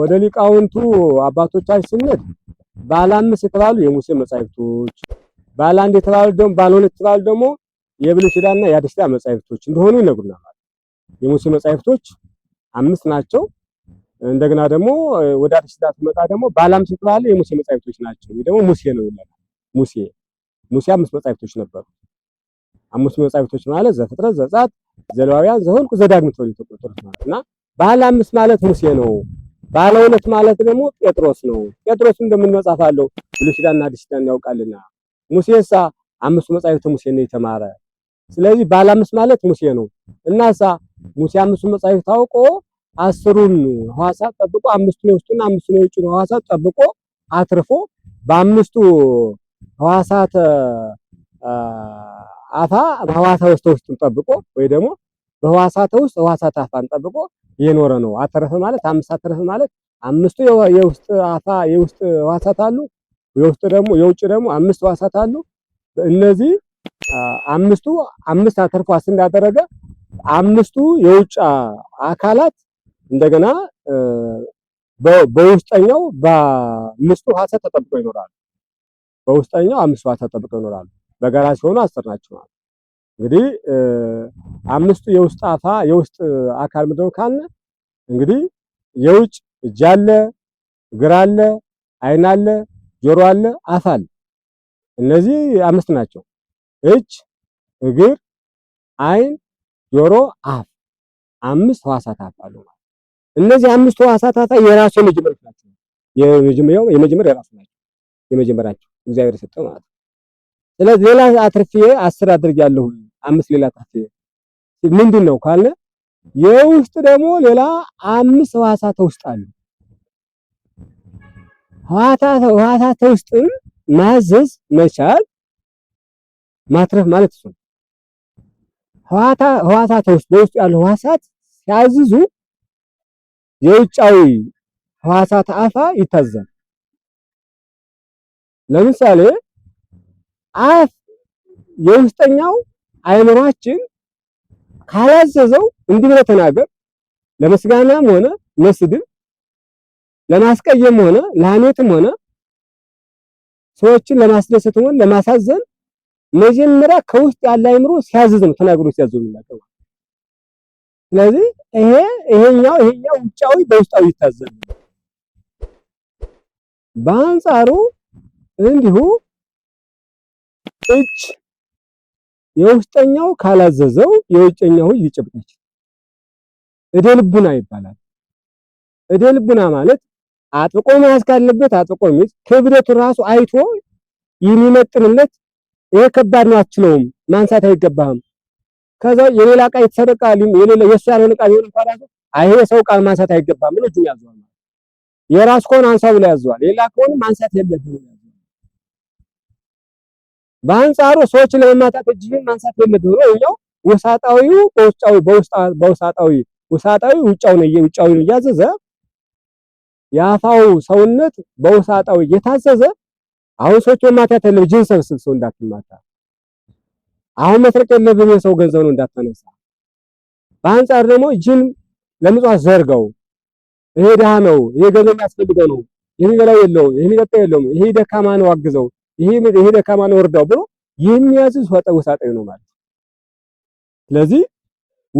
ወደ ሊቃውንቱ አባቶቻችን ስንል ባለ አምስት የተባሉ የሙሴ መጻሕፍቶች፣ ባለ አንድ የተባሉ ደግሞ ባለ ሁለት የተባሉ ደግሞ የብሉይ ኪዳንና የአዲስ ኪዳን መጻሕፍቶች እንደሆኑ ይነግሩናል። ማለት የሙሴ መጻሕፍቶች አምስት ናቸው። እንደገና ደግሞ ወደ አዲስ ኪዳን ስትመጣ ደግሞ ባለ አምስት የተባለ የሙሴ መጻሕፍቶች ናቸው። ይሄ ደግሞ ሙሴ ነው ይላል። ሙሴ ሙሴ አምስት መጻሕፍቶች ነበሩ። አምስቱ መጻሕፍቶች ማለት ዘፍጥረት፣ ዘጸአት፣ ዘሌዋውያን፣ ዘኍልቍ፣ ዘዳግም ተብሎ የተቆጠሩት ማለት እና ባለ አምስት ማለት ሙሴ ነው። ባለ እውነት ማለት ደግሞ ጴጥሮስ ነው። ጴጥሮስ እንደምን መጽሐፍ አለው ብሉይ ኪዳንና አዲስ ኪዳን ያውቃልና። ሙሴሳ አምስቱ መጻሕፍት ሙሴ ነው የተማረ። ስለዚህ ባለ አምስት ማለት ሙሴ ነው እናሳ ሙሴ አምስቱ መጻሕፍት ታውቆ አስሩን ሕዋሳት ጠብቆ አምስቱን የውስጡና አምስቱን የውጭን ሕዋሳት ጠብቆ አትርፎ በአምስቱ ሕዋሳት አፋ ሕዋሳ ውስጥ ውስጡን ጠብቆ ወይ ደግሞ በህዋሳተ ውስጥ ዋሳ አፋን ጠብቆ የኖረ ነው። አተረፈ ማለት አምስት አተረፈ ማለት አምስቱ የውስጥ አፋ የውስጥ ህዋሳት አሉ። የውስጥ ደግሞ የውጭ ደግሞ አምስት ህዋሳት አሉ። እነዚህ አምስቱ አምስት አተርፎ አስር እንዳደረገ አምስቱ የውጭ አካላት እንደገና በውስጠኛው በአምስቱ ህዋሳት ተጠብቆ ይኖራሉ። በውስጠኛው አምስቱ ህዋሳት ተጠብቆ ይኖራሉ። በጋራ ሲሆኑ አስር ናቸው። እንግዲህ አምስቱ የውስጥ አፋ የውስጥ አካል ምንድነው ካለ እንግዲህ የውጭ እጅ አለ፣ እግር አለ፣ አይን አለ፣ ጆሮ አለ፣ አፍ አለ። እነዚህ አምስት ናቸው። እጅ፣ እግር፣ አይን፣ ጆሮ፣ አፍ አምስት ህዋሳት አፍ አሉ እነዚህ አምስት ህዋሳት አፍ የራሱ የመጀመሪያ ናቸው። የመጀመሪያው የመጀመሪያ የራሱ ናቸው። የመጀመሪያቸው እግዚአብሔር የሰጠው ማለት ነው። ስለዚህ ሌላ አትርፌ አስር አድርጌያለሁ። አምስት ሌላ ጣፍ ምንድን ነው ካለ የውስጥ ደግሞ ሌላ አምስት ህዋሳተ ውስጥ አሉ። ህዋሳተ ውስጥን ማዘዝ መቻል ማትረፍ ማለት እሱ ነው። ህዋሳተ ውስጥ በውስጡ ያሉ ህዋሳት ሲያዝዙ የውጫዊ ህዋሳት አፋ ይታዘዛል። ለምሳሌ አፍ የውስጠኛው አይምሯችን ካላዘዘው እንዲህ ብለህ ተናገር ለመስጋናም ሆነ ለስድብ ለማስቀየም ሆነ ለሐሜትም ሆነ ሰዎችን ለማስደሰትም ሆነ ለማሳዘን መጀመሪያ ከውስጥ ያለ አይምሮ ሲያዝዝ ነው ተናግሮ ሲያዝዝ ነው። ስለዚህ ይሄ ይሄኛው ይሄኛው ውጫዊ በውስጣዊ ይታዘዝ። በአንጻሩ እንዲሁ እጅ የውስጠኛው ካላዘዘው የውጨኛው ሁሉ ይጨብጣች። እደ ልቡና ይባላል። እደ ልቡና ማለት አጥብቆ መያዝ ካለበት አጥብቆ የሚይዝ ክብደቱ ራሱ አይቶ የሚመጥንለት ይሄ ከባድ ነው አትችለውም፣ ማንሳት አይገባህም። ከዛ የሌላ ዕቃ የተሰረቀ የሌላ የእሱ ያልሆነ ዕቃ ቢሆን እንኳን ራሱ ሰው ዕቃ ማንሳት አይገባም ብሎ እጁን ያዘዋል። የራሱ ከሆነ አንሳው ብሎ ያዘዋል። ሌላ ከሆነ ማንሳት የለብህም በአንጻሩ ሰዎች ለመማታት እጅህን ማንሳት የለብህም ነው ይኸው ውሳጣዊው በውጫዊ በውሳጣዊ ውሳጣዊ ውጫውን ውጫዊውን እያዘዘ የአፋው ሰውነት በውሳጣዊ እየታዘዘ አሁን ሰዎች መማታት የለብህም እጅህን ሰብስብ ሰው እንዳትማታ አሁን መስረቅ የለብህም የሰው ገንዘብ ነው እንዳታነሳ በአንጻሩ ደግሞ ጅን ለምጽዋት ዘርገው ይሄ ድሃ ነው ይሄ ገንዘብ ያስፈልገው ነው የሚበላው የለውም የሚጠጣው የለውም ይሄ ደካማ ነው አግዘው ይሄ ደካማ ነው ወርዳው ብሎ የሚያዝዝ ውሳጣዊ ነው ማለት። ስለዚህ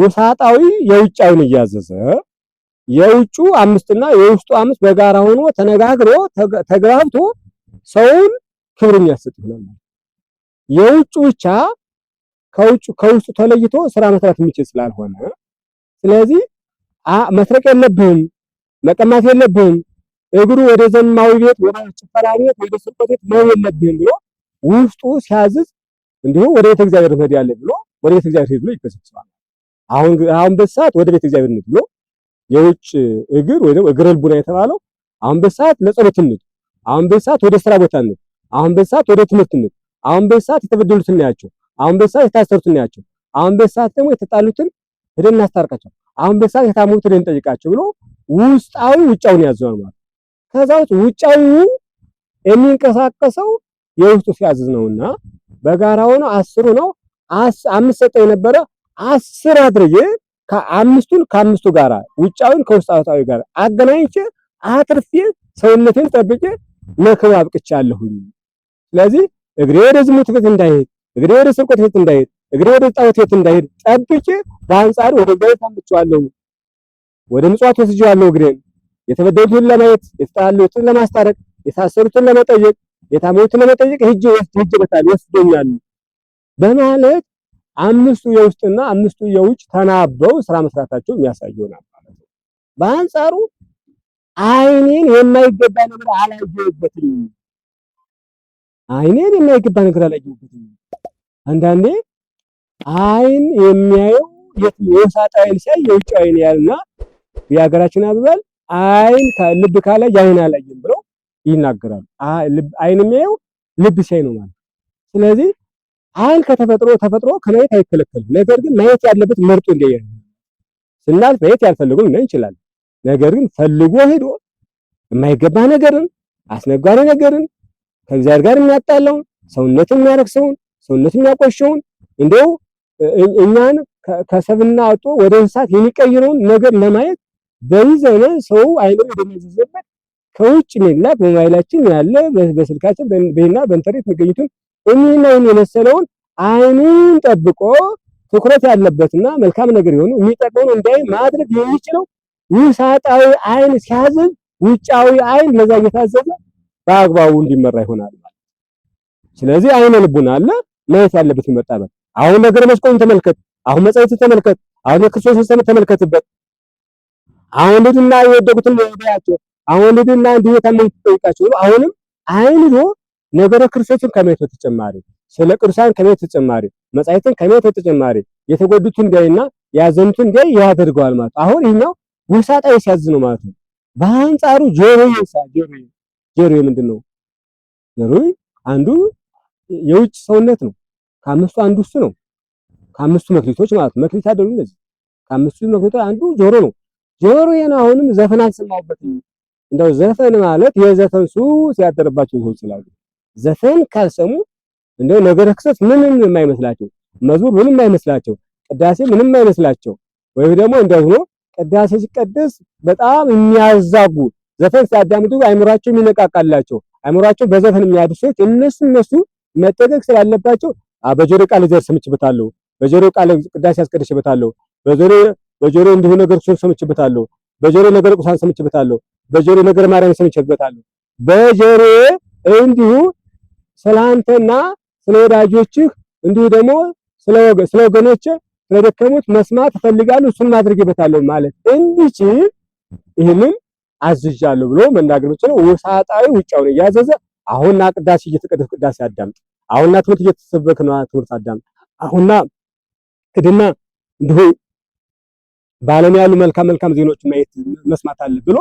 ወሳጣዊ የውጫዊን እያዘዘ የውጩ አምስትና የውስጡ አምስት በጋራ ሆኖ ተነጋግሮ ተግራብቶ ሰውን ክብር የሚያሰጥ ይሆናል። የውጩ ብቻ ከውስጡ ተለይቶ ስራ መስራት የሚችል ስላልሆነ ስለዚህ መስረቅ የለብህም መቀማት የለብህም እግሩ ወደ ዘማዊ ቤት፣ ወደ ጭፈራ ቤት፣ ወደ ስርቆት ቤት መሄድ የለብህም ብሎ ውስጡ ሲያዝዝ እንዲሁ ወደ ቤተ እግዚአብሔር መሄድ ያለ ብሎ ወደ ቤተ እግዚአብሔር ሄድ ብሎ ይከሰሰዋል። አሁን አሁን በሰዓት ወደ ቤተ እግዚአብሔር ነው ብሎ የውጭ እግር ወይ ደግሞ እግረ ልቡና የተባለው አሁን በሰዓት ለጸሎት ነው፣ አሁን በሰዓት ወደ ስራ ቦታ ነው፣ አሁን በሰዓት ወደ ትምህርት ነው፣ አሁን በሰዓት የተበደሉትን ናያቸው፣ አሁን በሰዓት የታሰሩትን ናያቸው፣ አሁን በሰዓት ደግሞ የተጣሉትን ሄደን እናስታርቃቸው፣ አሁን በሰዓት የታመሙትን ሄደን እንጠይቃቸው ብሎ ውስጣዊ ውጫውን ያዘዋል ማለት ከዛውት ውጫዊው የሚንቀሳቀሰው የውስጡ ሲያዝዝ ነውና በጋራ ሆኖ አስሩ ነው አምስት ሰጠ የነበረ አስር አድርጌ ከአምስቱን ከአምስቱ ጋራ ውጫዊን ከውስጥ አውታዊ ጋር አገናኝቼ አትርፌ ሰውነቴን ጠብቄ መክብ አብቅቻለሁኝ። ስለዚህ እግሬ ወደ ዝሙት ቤት እንዳይሄድ፣ እግሬ ወደ ስርቆት ቤት እንዳይሄድ፣ እግሬ ወደ ጣዖት ቤት እንዳይሄድ ጠብቄ በአንጻሩ ወደ ጋይ ምቸዋለሁ፣ ወደ ምጽዋት ወስጄዋለሁ እግሬን የተበደሉትን ለማየት የተጣሉትን ለማስታረቅ የታሰሩትን ለመጠየቅ የታመሙትን ለመጠየቅ ህጅ ሂጅ ህጅ በታል ይወስደኛል በማለት አምስቱ የውስጥና አምስቱ የውጭ ተናበው ስራ መስራታቸው የሚያሳየውናል ማለት ነው። በአንጻሩ አይኔን የማይገባ ነገር አላየሁበትም፣ አይኔን የማይገባ ነገር አላየሁበትም። አንዳንዴ አይን የሚያየው የውሳጣ አይን ሲያይ የውጭ አይን ያልና የሀገራችን አባባል አይን ልብ ካለ አይን አላየም ብለው ይናገራሉ። አይን የሚያየው ልብ ሲያይ ነው ማለት። ስለዚህ አይን ከተፈጥሮ ተፈጥሮ ከማየት አይከለከልም። ነገር ግን ማየት ያለበት መርጦ እንዲያየ ስናልፍ ማየት ያልፈልጉም ነው ይችላል። ነገር ግን ፈልጎ ሄዶ የማይገባ ነገርን አስነጋሪ ነገርን ከእግዚአብሔር ጋር የሚያጣለውን ሰውነትን የሚያረክሰውን ሰውነትን የሚያቆሸውን እንደው እኛን ከሰብና አውጥቶ ወደ እንስሳት የሚቀይረውን ነገር ለማየት በዚህ ዘመን ሰው አይምሮ እንደሚያዘዘበት ከውጭ ሌላ ሞባይላችን ያለ በስልካችን በና በኢንተርኔት የሚገኙትን እኒህናውን የመሰለውን አይኑን ጠብቆ ትኩረት ያለበትና መልካም ነገር የሆኑ የሚጠቅመውን እንዳይ ማድረግ የሚችለው ውሳጣዊ አይን ሲያዘዝ ውጫዊ አይን ለዛ እየታዘዘ በአግባቡ እንዲመራ ይሆናል ማለት። ስለዚህ አይነ ልቡና አለ ማየት ያለበት ይመጣበት። አሁን ነገር መስቆን ተመልከት፣ አሁን መጻይት ተመልከት፣ አሁን ክርስቶስን ተመልከትበት አሁን ልጅና የወደቁትን ወዳያቸው አሁን ልጅና እንዲህ የታመሙት ጠይቃቸው። አሁንም አይን ይዞ ነገረ ክርስቶስን ከማየት ተጨማሪ ስለ ቅዱሳን ከማየት ተጨማሪ መጻሕፍትን ከማየት ተጨማሪ የተጎዱት ጋይና ያዘኑትን ጋይ ያደርገዋል ማለት አሁን ይሄኛው ወሳጣ ሲያዝ ነው ማለት ነው። በአንጻሩ ጆሮ ይሳ ጆሮ ጆሮ ምንድን ነው? ጆሮ አንዱ የውጭ ሰውነት ነው። ከአምስቱ አንዱ እሱ ነው። ከአምስቱ መክሊቶች ማለት መክሊት አይደሉም እነዚህ። ከአምስቱ መክሊቶች አንዱ ጆሮ ነው። ጆሮዬን አሁንም ዘፈን አልሰማሁበትም። እንደው ዘፈን ማለት የዘፈን ሱስ ያደረባቸው ሰዎች ስላሉ ዘፈን ካልሰሙ እንደው ነገረ ክሰት ምንም የማይመስላቸው መዝሙር ምንም የማይመስላቸው ቅዳሴ ምንም የማይመስላቸው ወይ ደግሞ እንደው ሆኖ ቅዳሴ ሲቀደስ በጣም የሚያዛጉ ዘፈን ሲያዳምጡ አይምሯቸው የሚነቃቃላቸው አይምሯቸው በዘፈን የሚያድሱት እነሱ እነሱ መጠንቀቅ ስላለባቸው በጆሮ ቃል ዘር ሰምቼበታለሁ፣ በጆሮ ቃል ቅዳሴ አስቀድሼበታለሁ፣ በጆሮ በጆሮ እንዲሁ ነገር ሶን ሰምቼበታለሁ። በጆሮ ነገር ቁሳን ሰምቼበታለሁ። በጆሮ ነገር ማርያም ሰምቼበታለሁ። በጆሮ እንዲሁ ስላንተና ስለ ወዳጆችህ እንዲሁ ደግሞ ስለ ወገኖች ስለ ደከሙት መስማት እፈልጋለሁ። እሱን ማድረግበታለሁ ማለት እንዲች ይህንን አዝዣለሁ ብሎ መናገር ብቻ የምችለው ውሳጣዊ ውጫውን እያዘዘ አሁንና ቅዳሴ እየተቀደስ ቅዳሴ አዳምጥ፣ አሁንና ትምህርት እየተሰበክ ነው ትምህርት አዳምጥ፣ አሁንና ሂድና እንዲሁ በዓለም ያሉ መልካም መልካም ዜናዎችን ማየት መስማት አለ ብሎ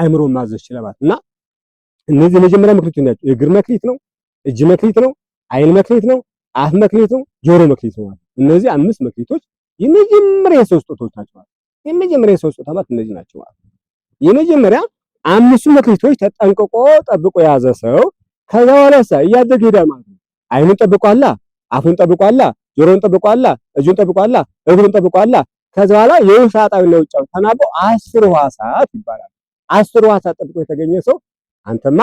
አይምሮን ማዘዝ ይችላል። እና እነዚህ የመጀመሪያ መክሊቶች ናቸው። የእግር መክሊት ነው፣ እጅ መክሊት ነው፣ አይን መክሊት ነው፣ አፍ መክሊት ነው፣ ጆሮ መክሊት ነው። እነዚህ አምስት መክሊቶች የመጀመሪያ የሰው ስጦታዎች ናቸው። የመጀመሪያ የሰው ስጦታ ማለት እነዚህ ናቸው። የመጀመሪያ አምስቱ መክሊቶች ተጠንቅቆ ጠብቆ የያዘ ሰው ከዛ በኋላሳ እያደገ ሄዳል ማለት ነው። አይኑን ጠብቋላ፣ አፉን ጠብቋላ፣ ጆሮን ጠብቋላ፣ እጁን ጠብቋላ፣ እግሩን ጠብቋላ፣ ከዚ በኋላ የውሻጣዊና የውጫዊ ተናቦ አስር ሕዋሳት ይባላል። አስር ሕዋሳት ጠብቆ የተገኘ ሰው አንተማ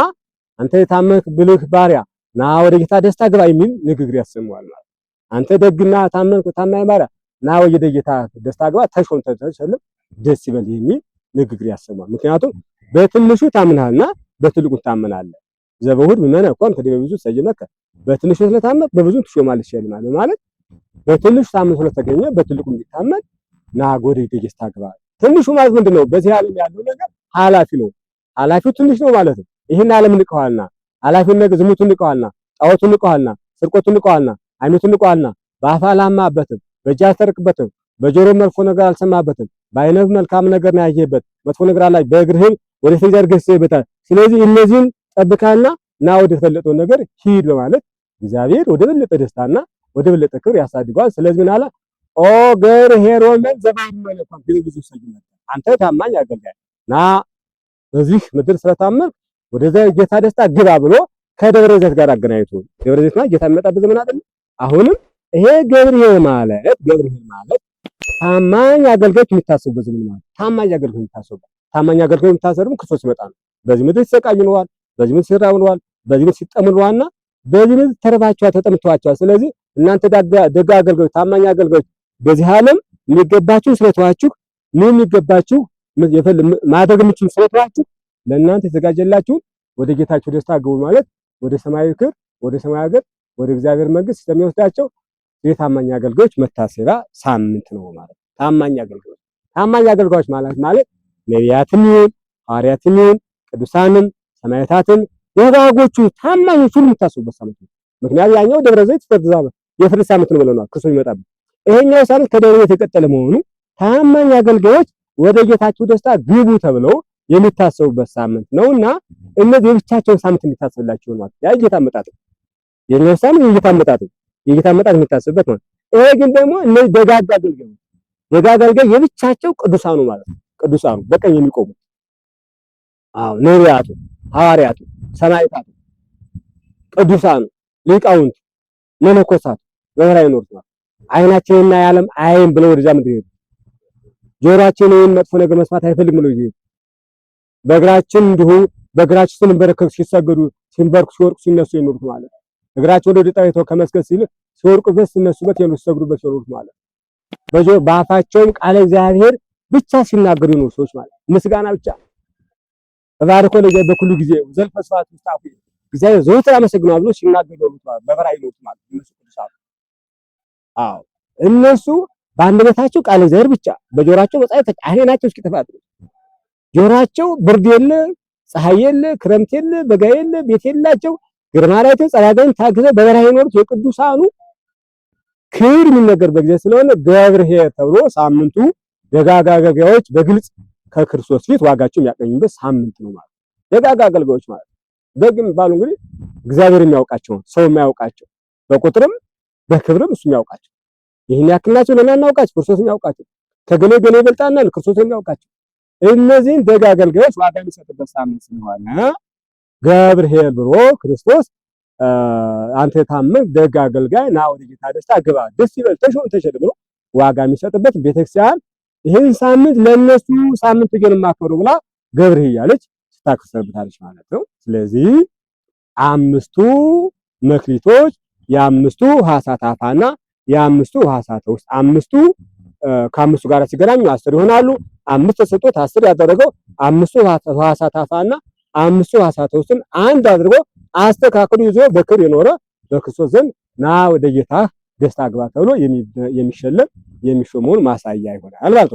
አንተ የታመንክ ብልህ ባሪያ ና ወደ ጌታ ደስታ ግባ የሚል ንግግር ያሰማዋል ማለት አንተ ደግና ታመንክ ታማኝ ባሪያ ና ወደ ጌታ ደስታ ግባ ተሾምተ ተሸልም ደስ ይበል የሚል ንግግር ያሰማል። ምክንያቱም በትንሹ ታምናልና በትልቁ ታምናለህ። ዘበሁድ ምመነ እኮ እንደ በብዙ ሰይመከ በትንሹ ስለታመን በብዙ ትሾማለህ ይላል ማለት በትንሹ ታምኖ ስለተገኘ በትልቁ እንዲታመን ናጎድ ይጥቂስ ታግባ ትንሹ ማለት ምንድነው? በዚህ ዓለም ያለው ነገር ኃላፊ ነው። ኃላፊው ትንሽ ነው ማለት ነው። ይህን ዓለም ንቀዋልና፣ ኃላፊውን ነገር ዝሙቱን ንቀዋልና፣ ጣዖቱን ንቀዋልና፣ ስርቆቱን ንቀዋልና፣ አይነቱን ንቀዋልና፣ በአፍ አላማበትም፣ በእጅ አልሰርቅበትም፣ በጆሮ መጥፎ ነገር አልሰማበትም፣ በአይነብ መልካም ነገር ነው ያየበት፣ መጥፎ ነገር አላ በእግርህም ወደ ሴጃድ ገስበታል። ስለዚህ እነዚህን ጠብካና ና ወደ ተፈለጠ ነገር ሂድ በማለት እግዚአብሔር ወደ በለጠ ደስታና ወደ በለጠ ክብር ያሳድገዋል። ስለዚህ ምን አለ ኦ ገር ለን ዘባህር መለኮት ቢሉ ብዙ ሰው አንተ ታማኝ አገልጋይ ና በዚህ ምድር ስለታመን ወደዛ ጌታ ደስታ ግባ ብሎ ከደብረ ዘይት ጋር አገናኝቶ ደብረ ዘይት ማለት ጌታ የሚመጣበት ዘመን አይደል? አሁንም ይሄ ገብርኤል ማለት ገብርኤል ማለት ታማኝ አገልጋዮች የሚታሰቡበት ዘመን ማለት ታማኝ አገልጋዮች የሚታሰቡበት ታማኝ አገልጋዮች የሚታሰቡበት ክርስቶስ ነው። በዚህ ምድር ሲሰቃዩ በዚህ ምድር ሲራቡ በዚህ ምድር ሲጠሙ በዚህ ምድር ስለዚህ እናንተ ደጋ አገልጋዮች ታማኝ አገልጋዮች በዚህ ዓለም የሚገባችሁን ስለተዋችሁ ምን የሚገባችሁ ማድረግ የምችሉ ስለተዋችሁ ለእናንተ የተዘጋጀላችሁን ወደ ጌታችሁ ደስታ ግቡ ማለት ወደ ሰማያዊ ክብር፣ ወደ ሰማያዊ ሀገር፣ ወደ እግዚአብሔር መንግስት ስለሚወስዳቸው የታማኝ አገልጋዮች መታሰቢያ ሳምንት ነው ማለት ታማኝ አገልጋዮች ታማኝ አገልጋዮች ማለት ማለት ነቢያትም ይሁን ሐዋርያትም ይሁን ቅዱሳንም ሰማዕታትም የባጎቹ ታማኞች ሁሉ የምታስቡበት ሳምንት ነው። ምክንያቱም ያኛው ደብረ ዘይት የፍልስ ዓመት ነው ብለናል ክርስቶስ ይመጣበት ይሄኛው ሳምንት ከደብረት የተቀጠለ መሆኑ ታማኝ አገልጋዮች ወደ ጌታችሁ ደስታ ግቡ ተብለው የሚታሰቡበት ሳምንት ነውና እነዚህ የብቻቸውን ሳምንት የሚታሰብላቸው ነው ማለት ያ ጌታ መጣት ነው። የኛው ሳምንት የጌታ መጣት ነው። የጌታ መጣት የሚታሰብበት ነው። ይሄ ግን ደግሞ እነዚህ ደጋግ አገልጋዮች ደጋግ አገልጋይ የብቻቸው ቅዱሳኑ ማለት ነው። ቅዱሳኑ በቀኝ የሚቆሙ አዎ፣ ነቢያቱ፣ ሐዋርያቱ፣ ሰማዕታቱ፣ ቅዱሳኑ፣ ሊቃውንቱ፣ መነኮሳቱ በበላይ ኖርቷል። አይናችንና የዓለም አይን ብለው ወደዛ ምድር ሄዱ። ጆሮአችን ይህን መጥፎ ነገር መስማት አይፈልግም ብለው ይሄዱ። በእግራችን እንዲሁ በእግራችን ስንበረከክ ሲሰገዱ ሲንበርኩ ሲወርቁ ሲነሱ የኖሩት ማለት እግራቸው ወደ ጣይቶ ከመስገድ ሲል ሲወርቁበት ሲነሱበት የኖሩት ሲሰግዱበት የኖሩት ማለት በጆ በአፋቸውም ቃለ እግዚአብሔር ብቻ ሲናገሩ የኖሩ ሰዎች ማለት ምስጋና ብቻ እባርኮ ለእግዚአብሔር በኩሉ ጊዜ ዘልፈ ስብሐት ምስጣፉ እግዚአብሔር ዘወትር አመሰግናለሁ ብሎ ሲናገሩ የኖሩት ማለት በበራይ የኖሩት ማለት አዎ እነሱ በአንደበታቸው ቃል ዘር ብቻ በጆራቸው መጽሐፍ አይኔ ናቸው እስኪ ተፋጥሩ ጆራቸው ብርድ የለ ፀሐይ የለ ክረምት የለ በጋ የለ ቤት የላቸው ግርማ ላይትን ታግዘ ታግዘው በበረሃ የኖሩት የቅዱሳኑ ክብር የሚነገር በጊዜ ስለሆነ ገብርኄር ተብሎ ሳምንቱ ደጋጋ አገልጋዮች በግልጽ ከክርስቶስ ፊት ዋጋቸው የሚያገኙበት ሳምንት ነው ማለት ደጋጋ አገልጋዮች ማለት ደግ የሚባሉ እንግዲህ እግዚአብሔር የሚያውቃቸው ሰው የማያውቃቸው በቁጥርም በክብርም እሱም ያውቃቸው። ይህን ያክል ናቸው ለምን አናውቃቸው? ክርስቶስም ያውቃቸው። ከገሌ ገሌ ይበልጣናል፣ ክርስቶስም ያውቃቸው። እነዚህን ደግ አገልጋዮች ዋጋ የሚሰጥበት ሳምንት ስለሆነ ገብርኄር ብሎ ክርስቶስ አንተ የታመን ደግ አገልጋይ ና ወደ ጌታ ደስታ ግባ፣ ደስ ይበል፣ ተሾም፣ ተሸል ብሎ ዋጋ የሚሰጥበት ቤተክርስቲያን ይህን ሳምንት ለእነሱ ሳምንት ግን ማክበሩ ብላ ገብርኄር እያለች ስታከብር ማለት ነው። ስለዚህ አምስቱ መክሊቶች የአምስቱ ሐሳት አፋና የአምስቱ ውስጥ አምስቱ ከአምስቱ ጋር ሲገናኙ አስር ይሆናሉ። አምስት ተሰጥቶት አስር ያደረገው አምስቱ ሐሳት አፋና አምስቱ ሐሳት ውስጥን አንድ አድርጎ አስተካክሎ ይዞ በክብር የኖረ በክርስቶስ ዘንድ ና ወደ ጌታህ ደስታ ግባ ተብሎ የሚሸለም የሚሾመውን ማሳያ ይሆናል ማለት ነው።